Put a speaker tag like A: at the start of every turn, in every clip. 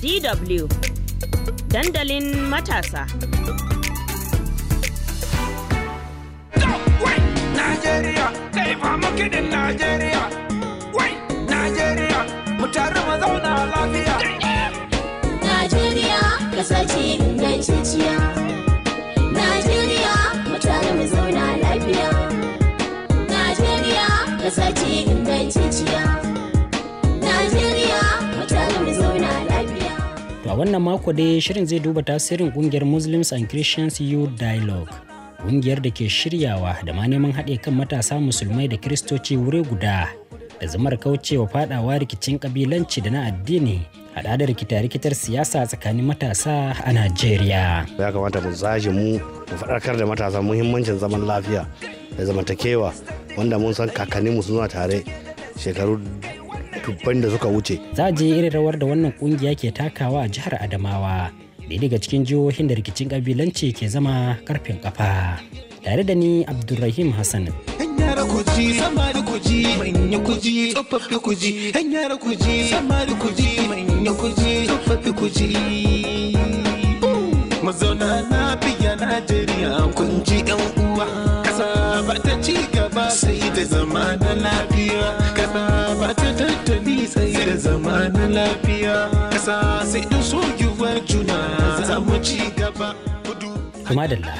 A: DW dandalin matasa. in Nigeria. fama kiɗin Najeriya. Wai, Najeriya, mu tare mu zauna lafiya. Najeriya, ƙasa Nigeria, inganciciya. Najeriya, mu tare mu zauna lafiya. Najeriya, ƙasa ce inganciciya. wannan mako dai shirin zai duba tasirin kungiyar muslims and christians youth dialogue kungiyar da ke shiryawa da ma neman haɗe kan matasa musulmai da kiristoci wuri guda da zamar kaucewa fadawa rikicin kabilanci da na addini haɗa da rikita-rikitar siyasa tsakanin matasa a
B: Najeriya. Ya kamata mu zaji mu mu faɗarkar da matasa muhimmancin zaman lafiya da zamantakewa wanda mun san kakanninmu suna tare shekaru dubban da suka wuce
A: za je irin rawar da wannan kungiya ke takawa a jihar adamawa da daga cikin jihohin da rikicin kabilanci ke zama karfin kafa tare da ni abdulrahim hassan
B: yara kuji samari kuji manya kuji tsofaffi kuji yan yara
A: kuji samari kuji manya kuji tsofaffi kuji
B: mazauna na biya najeriya kun ji yan uwa kasa ba ta ci gaba sai da zama na lafiya da lafiya kasa sai da soyuwar juna za mu ci gaba
A: kuma dalla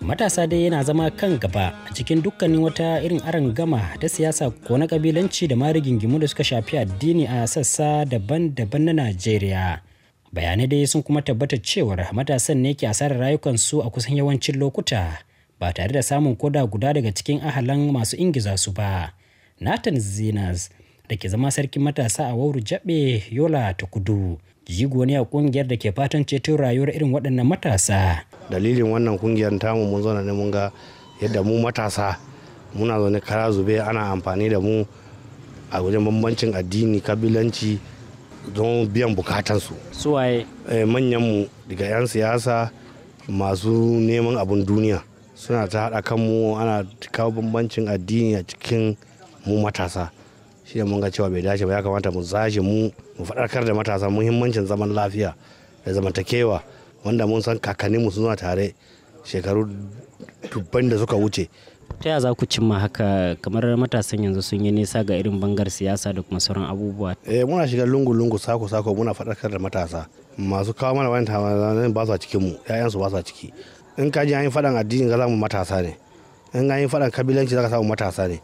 A: matasa dai yana zama kan gaba a cikin dukkanin wata irin aron gama ta siyasa ko na kabilanci da ma rigingimu da suka shafi addini a sassa daban-daban na najeriya bayanai dai sun kuma tabbatar cewar matasan ne ke asarar rayukansu a kusan yawancin lokuta ba tare da samun koda guda daga cikin ahalan masu ingiza su ba nathan zinas da ke zama sarkin matasa a wauru jabe yola ta kudu jigo ne a kungiyar da ke fatan ceto rayuwar irin waɗannan matasa
B: dalilin wannan kungiyar tamu mun zauna ne mun ga yadda mu matasa muna zaune kara zube ana amfani da mu a wajen bambancin addini kabilanci don biyan bukatansu suwaye eh, manyanmu daga 'yan siyasa masu neman abun duniya suna ta haɗa kanmu ana kawo bambancin addini a cikin mu matasa shi ne mun ga cewa bai dace ba ya kamata mu zashi mu mu faɗarkar da matasa muhimmancin zaman lafiya da zamantakewa wanda mun san kakanninmu suna tare shekaru dubban da suka wuce ta
A: yaya za ku cimma haka kamar matasan yanzu sun yi nisa ga irin bangar siyasa da kuma sauran abubuwa
B: eh muna shiga lungu lungu sako sako muna faɗakar da matasa masu kawo mana wani tamanin ba su a cikin mu ƴaƴan su ba su a ciki in ka ji an yi faɗan addini za mu matasa ne in an yi faɗan kabilanci za ka samu matasa ne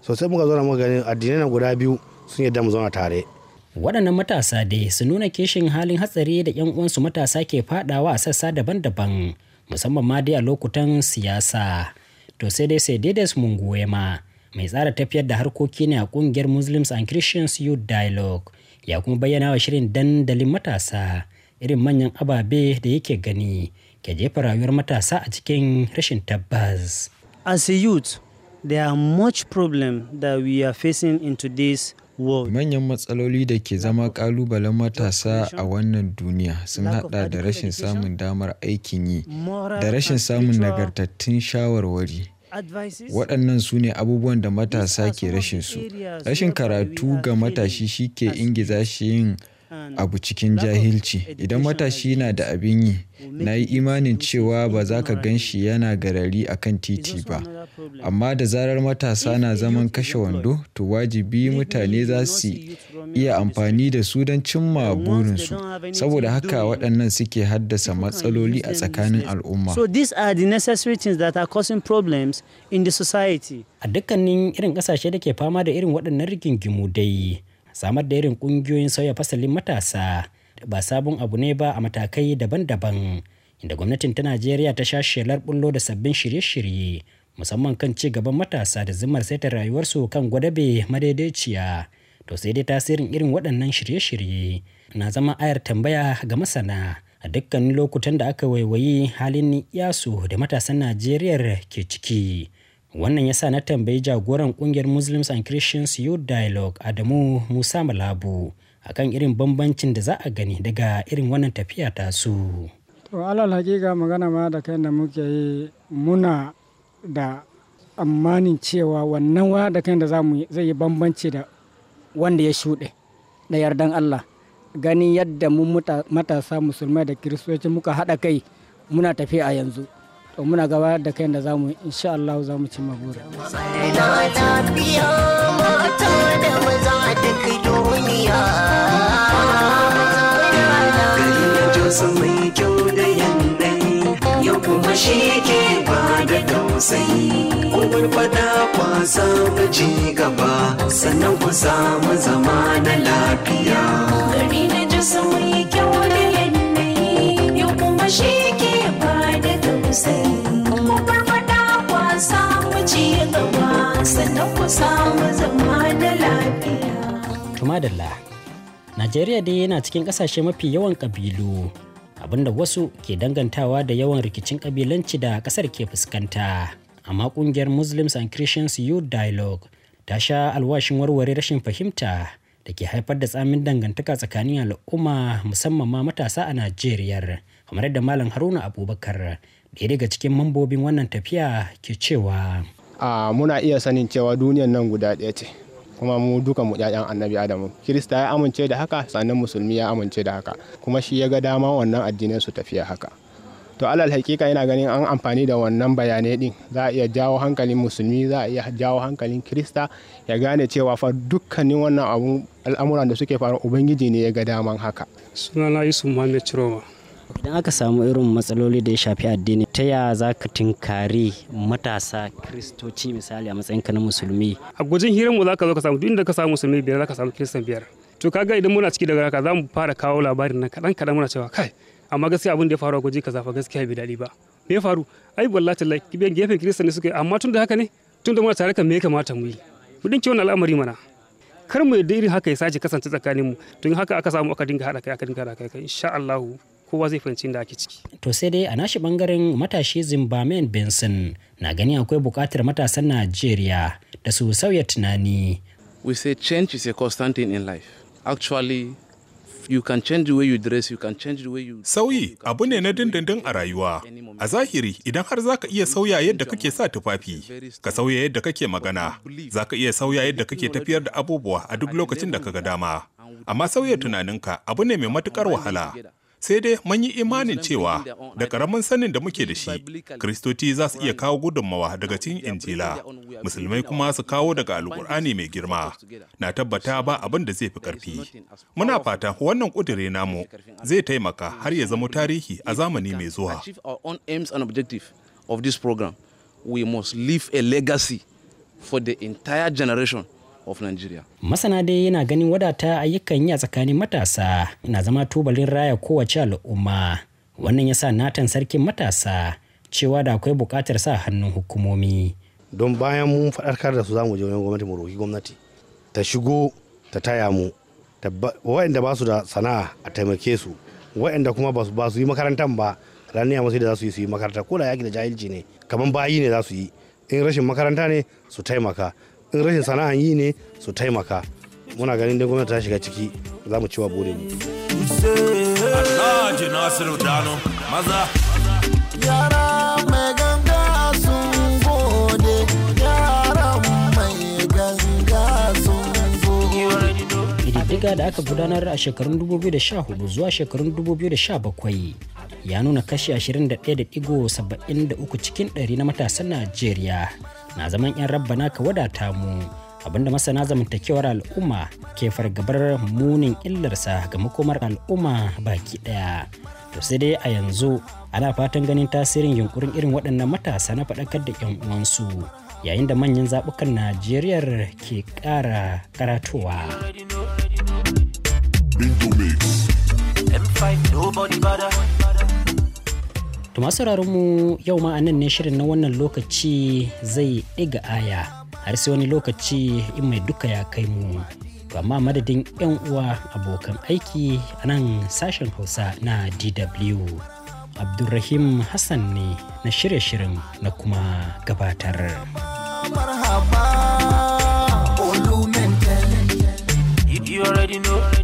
B: so sai muka zauna muka gani addinai guda biyu sun yadda mu zauna tare
A: waɗannan matasa dai su nuna kishin halin hatsari da 'yan uwansu matasa ke fadawa a sassa daban-daban musamman ma dai a lokutan siyasa to sai dai sai daidas ma. mai tsara tafiyar da harkoki ne a kungiyar muslims and christians youth dialogue ya kuma bayyana wa shirin dandalin matasa irin manyan ababe da yake gani ke jefa rayuwar matasa a cikin rashin tabbas a youth There are much problem that we are facing in today's world. Manyan matsaloli da ke zama kalubalen matasa a wannan duniya sun hada da rashin samun damar aikin yi, da rashin samun nagartattun shawarwari. Waɗannan su ne abubuwan da matasa ke rashin su. Rashin karatu ga matashi shi ke ingiza shi yin abu cikin jahilci idan matashi yana da abin yi na yi imanin cewa ba za ka gan shi yana garari a kan titi ba amma da zarar matasa na zaman kashe wando to wajibi mutane za su iya amfani da su don cimma burinsu saboda haka waɗannan suke haddasa matsaloli a tsakanin al'umma problems in society. a dukkanin irin ƙasashe da ke fama da irin waɗannan rigingimu dai samar da irin kungiyoyin sauya fasalin matasa ba sabon abu ne ba a matakai daban-daban inda gwamnatin ta najeriya ta sha shalar bullo da sabbin shirye-shirye musamman kan ci gaban matasa da zimmar saita rayuwarsu kan gwadabe madaidaiciya to sai dai tasirin irin waɗannan shirye-shirye na zama ayar tambaya ga masana a dukkanin lokutan da aka waiwayi halin yasu da matasan najeriya ke ciki Wannan ya sa na tambayi jagoran kungiyar Muslims and Christians Youth Dialogue Adamu Musa Malabu akan irin bambancin da za a gani daga irin wannan tafiya ta su. To alal hakika magana ma da kai da muke yi muna da tsammanin cewa wannan wa da kai da za mu zai yi bambanci da wanda ya shuɗe da yardan Allah. ganin yadda mu matasa musulmai da kiristoci muka haɗa kai muna tafiya yanzu. to muna gaba da kai da zamu insha Allah zamu ci mabura. kuma shi ke ba da tausayi kowar fada kwasa mu ci gaba sannan ku samu zama na lafiya madalla najeriya dai yana cikin ƙasashe mafi yawan ƙabilu abinda wasu ke dangantawa da yawan rikicin kabilanci da ƙasar ke fuskanta amma ƙungiyar muslims and christians youth dialogue ta sha alwashin warware rashin fahimta da ke haifar da tsamin dangantaka tsakanin al'umma musamman ma matasa a najeriya kamar yadda malam haruna abubakar ɗaya daga cikin mambobin wannan tafiya ke cewa
B: muna iya sanin cewa duniyar nan guda ɗaya ce kuma mu duka mu ƴaƴan annabi adamu kirista ya amince da haka sannan musulmi ya amince da haka kuma shi ya ga dama wannan addinai su tafiya haka to alal hakika yana ganin an amfani da wannan bayanai din za a iya jawo hankalin musulmi za a iya jawo hankalin kirista ya gane cewa fa dukkanin wannan al'amuran da suke faru ubangiji ne ya ga daman haka
A: sunana yusuf muhammad ciroma idan aka samu irin matsaloli da ya shafi addini ta ya za ka tinkari matasa kristoci misali a matsayinka na musulmi
B: a gujin hirin mu za ka zo ka samu duk inda ka samu musulmi biyar za ka samu kiristan biyar to kaga idan muna ciki daga haka za mu fara kawo labarin nan kaɗan kaɗan muna cewa kai amma gaskiya abin da ya faru a gujin kaza fa gaskiya bai daɗi ba me ya faru ai wallahi tallahi gefen kiristan ne suke amma tun da haka ne tun da muna tare kan me ya kamata mu yi mu dinke wannan al'amari mana kar mu da irin haka ya sace kasance tsakaninmu tun haka aka samu aka dinga haɗa kai aka dinga haɗa kai insha Allah kowa zai fahimci da ake ciki. To
A: sai dai a nashi bangaren matashi Zimbamen Benson na gani akwai bukatar matasan Najeriya da su sauya tunani.
B: We say change is a constant in life. Actually, you can change the way you dress, you can change the way you... Sauyi abu ne na dindindin a rayuwa. A zahiri idan har zaka iya sauya yadda kake sa tufafi, ka sauya
A: yadda kake magana, zaka iya sauya yadda kake tafiyar da abubuwa a duk lokacin da kaga dama. Amma sauya tunaninka abu ne mai matukar wahala. sai dai mun yi imanin cewa da karamin sanin da muke da shi kristoci za su iya kawo gudunmawa daga cikin injila musulmai kuma su kawo daga alkur'ani mai girma na tabbata ba abin da zai fi karfi
B: muna fata wannan kudure namu zai taimaka har ya zama tarihi a zamani mai zuwa of this program we must leave a legacy for the entire generation of Nigeria.
A: Masana dai yana ganin wadata ayyukan yi a tsakanin matasa na zama tubalin raya kowace al'umma. Wannan ya sa natan sarkin matasa cewa da akwai bukatar sa hannun hukumomi.
B: Don bayan mun faɗarkar da su za je wajen gwamnati mu roki gwamnati ta shigo ta taya mu waɗanda ba su da sana'a a taimake su waɗanda kuma ba su yi makarantar ba yamma sai da za su yi su yi makaranta ko da yaƙi da jahilci ne kamar bayi ne za su yi in rashin makaranta ne su taimaka in rashin sana'an yi ne su taimaka muna ganin dai gwamnati ta shiga ciki za mu ciwa burin mu Alhaji Nasiru Dano maza yara mai ganga sun gode
A: yaran mai ganga sun Ƙididdiga da aka gudanar a shekarun 2014 zuwa shekarun 2017 ya nuna kashi 21.73 cikin 100 na matasan Najeriya na zaman 'yan rabbana ka wadata mu abinda masana zamantakewar al'umma ke fargabar munin illarsa ga makomar al'umma baki daya to sai dai a yanzu ana fatan ganin tasirin yunkurin irin waɗannan matasa na faɗakar da 'yan uwansu yayin da manyan zaɓukan najeriya ke ƙara karatowa To masu mu yau ma nan ne shirin na wannan lokaci zai ɗiga aya har sai wani lokaci in mai duka ya kai mu. To amma madadin 'yan uwa abokan aiki a nan sashen Hausa na DW. Abdulrahim Hassan ne na shirye-shirin na kuma gabatar.
B: You already know.